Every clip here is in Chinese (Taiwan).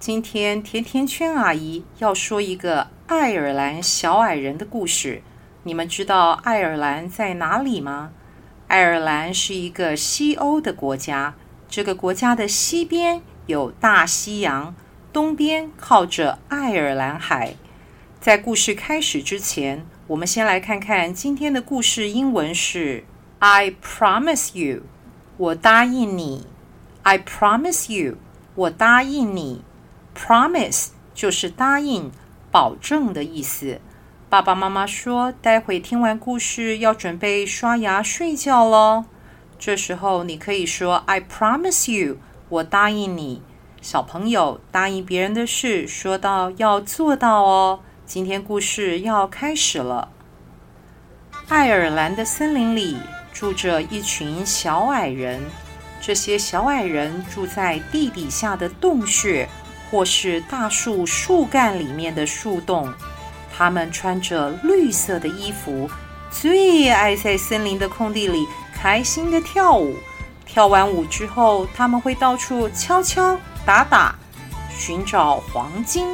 今天甜甜圈阿姨要說一個愛爾蘭小矮人的故事。你們知道愛爾蘭在哪裡嗎？愛爾蘭是一個西歐的國家。這個國家的西邊有大西洋，東邊靠着愛爾蘭海。在故事開始之前，我們先來看看今天的故事英文是 I promise you，我答應你。I promise you，我答應你。Promise 就是答應、保證的意思。爸爸媽媽說，待會聽完故事要準備刷牙睡覺咯。這時候你可以說 "I promise you，我答應你。"小朋友答應別人的事，說到要做到哦。今天故事要開始了。愛爾蘭的森林裡住着一群小矮人，這些小矮人住在地底下的洞穴。或是大樹樹幹裡面的樹洞，他們穿着綠色的衣服，最愛在森林的空地裡開心的跳舞。跳完舞之後，他們會到處敲敲打打，尋找黃金，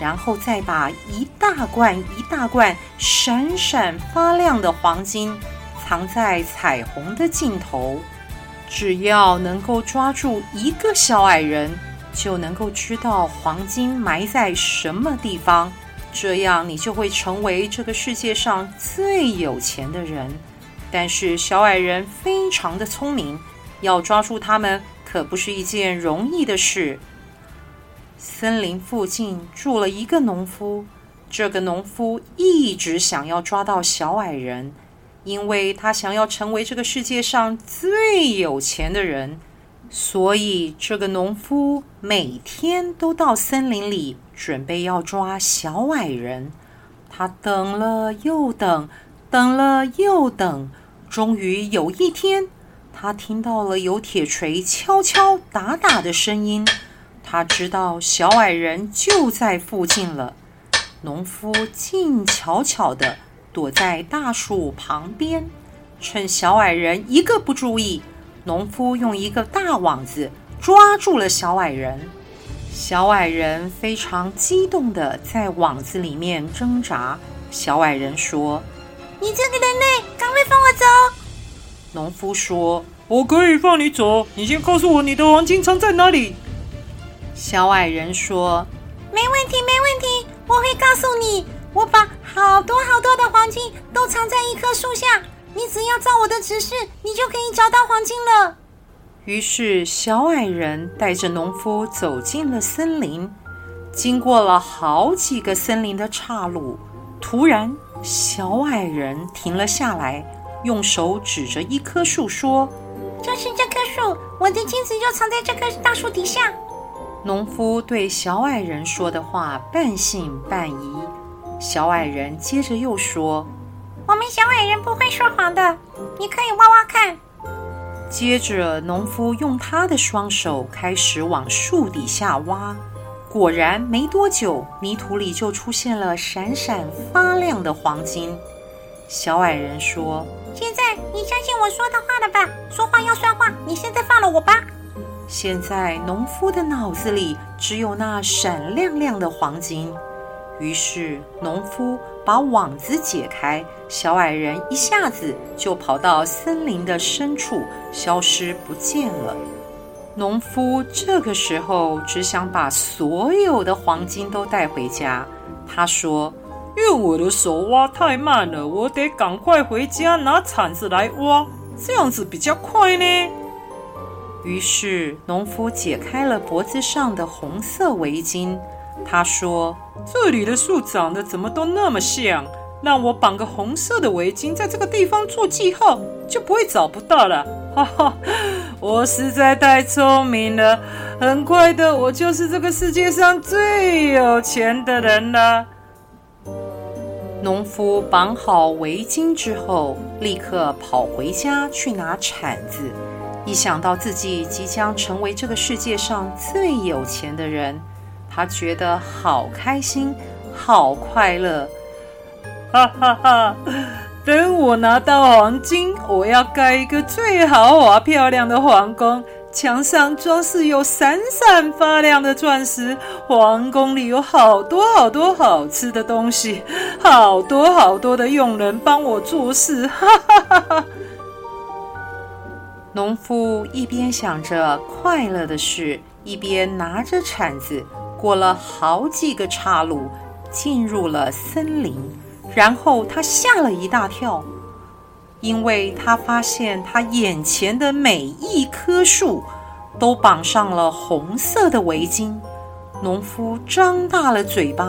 然後再把一大罐一大罐閃閃發亮的黃金藏在彩虹的盡頭。只要能夠抓住一個小矮人，就能夠知道黃金埋在什麼地方，這樣你就會成為這個世界上最有錢的人。但是小矮人非常的聰明，要抓住他們可不是一件容易的事。森林附近住了一個農夫，這個農夫一直想要抓到小矮人，因為他想要成為這個世界上最有錢的人。所以，這個農夫每天都到森林裡準備要抓小矮人。他等了又等，等了又等，終於有一天，他聽到了有鐵錘敲敲打打的聲音。他知道小矮人就在附近了。農夫靜悄悄地躲在大樹旁邊，趁小矮人一個不注意。農夫用一個大網子抓住了小矮人，小矮人非常激動的在網子裡面掙扎。小矮人說：“你這個人類，趕快放我走！”農夫說：“我可以放你走，你先告訴我你的黃金藏在哪裡。”小矮人說：“沒問題，沒問題，我會告訴你。我把好多好多的黃金都藏在一棵樹下。”你只要照我的指示，你就可以找到黃金了。於是，小矮人帶着農夫走進了森林，經過了好幾個森林的岔路。突然，小矮人停了下來，用手指着一棵樹說：“就是這棵樹，我的金子就藏在這棵大樹底下。”農夫對小矮人說的話半信半疑。小矮人接着又說：我們小矮人不會說謊的，你可以挖挖看。接着，農夫用他的雙手開始往樹底下挖，果然沒多久，泥土裡就出現了閃閃發亮的黃金。小矮人說：“現在你相信我說的話了吧？說話要算話，你現在放了我吧。”現在，農夫的腦子裡只有那閃亮亮的黃金。於是，農夫把網子解開，小矮人一下子就跑到森林的深處，消失不見了。農夫這個時候只想把所有的黃金都帶回家。他說：“因為我的手挖太慢了，我得趕快回家拿鏟子來挖，這樣子比較快呢。”於是，農夫解開了脖子上的紅色圍巾。他說：“這裡的樹長得怎麼都那麼像？讓我綁個紅色的圍巾，在這個地方做記號，就不會找不到了。”哈哈，我實在太聰明了！很快的，我就是這個世界上最有錢的人了。農夫綁好圍巾之後，立刻跑回家去拿鏟子。一想到自己即將成為這個世界上最有錢的人，他覺得好開心，好快樂，哈哈哈！等我拿到黃金，我要蓋一個最豪華漂亮的皇宮，牆上裝飾有閃閃發亮的鑽石，皇宮裡有好多好多好吃的東西，好多好多的傭人幫我做事，哈哈哈哈！農夫一邊想着快樂的事，一邊拿着鏟子。過了好幾個岔路，進入了森林。然後他嚇了一大跳，因為他發現他眼前的每一棵樹都綁上了紅色的圍巾。農夫張大了嘴巴：“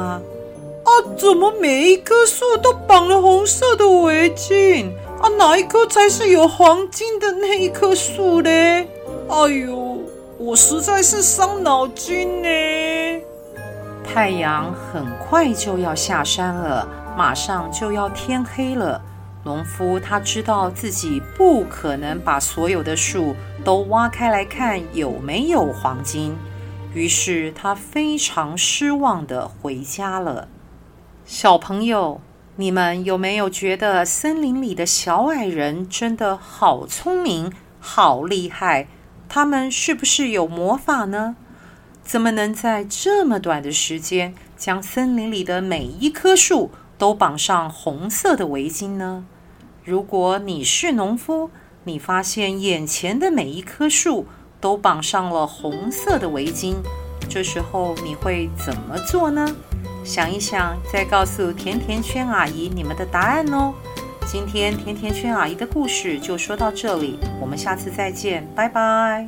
啊，怎麼每一棵樹都綁了紅色的圍巾？啊，哪一棵才是有黃金的那一棵樹呢？哎呦，我實在是傷腦筋呢。”太陽很快就要下山了，馬上就要天黑了。農夫他知道自己不可能把所有的樹都挖開來看有沒有黃金，於是他非常失望的回家了。小朋友，你們有沒有覺得森林裡的小矮人真的好聰明、好厲害？他們是不是有魔法呢？怎麼能在這麼短的時間將森林裡的每一棵樹都綁上紅色的圍巾呢？如果你是農夫，你發現眼前的每一棵樹都綁上了紅色的圍巾，這時候你會怎麼做呢？想一想，再告訴甜甜圈阿姨你們的答案哦。今天甜甜圈阿姨的故事就說到這裡，我們下次再見，拜拜。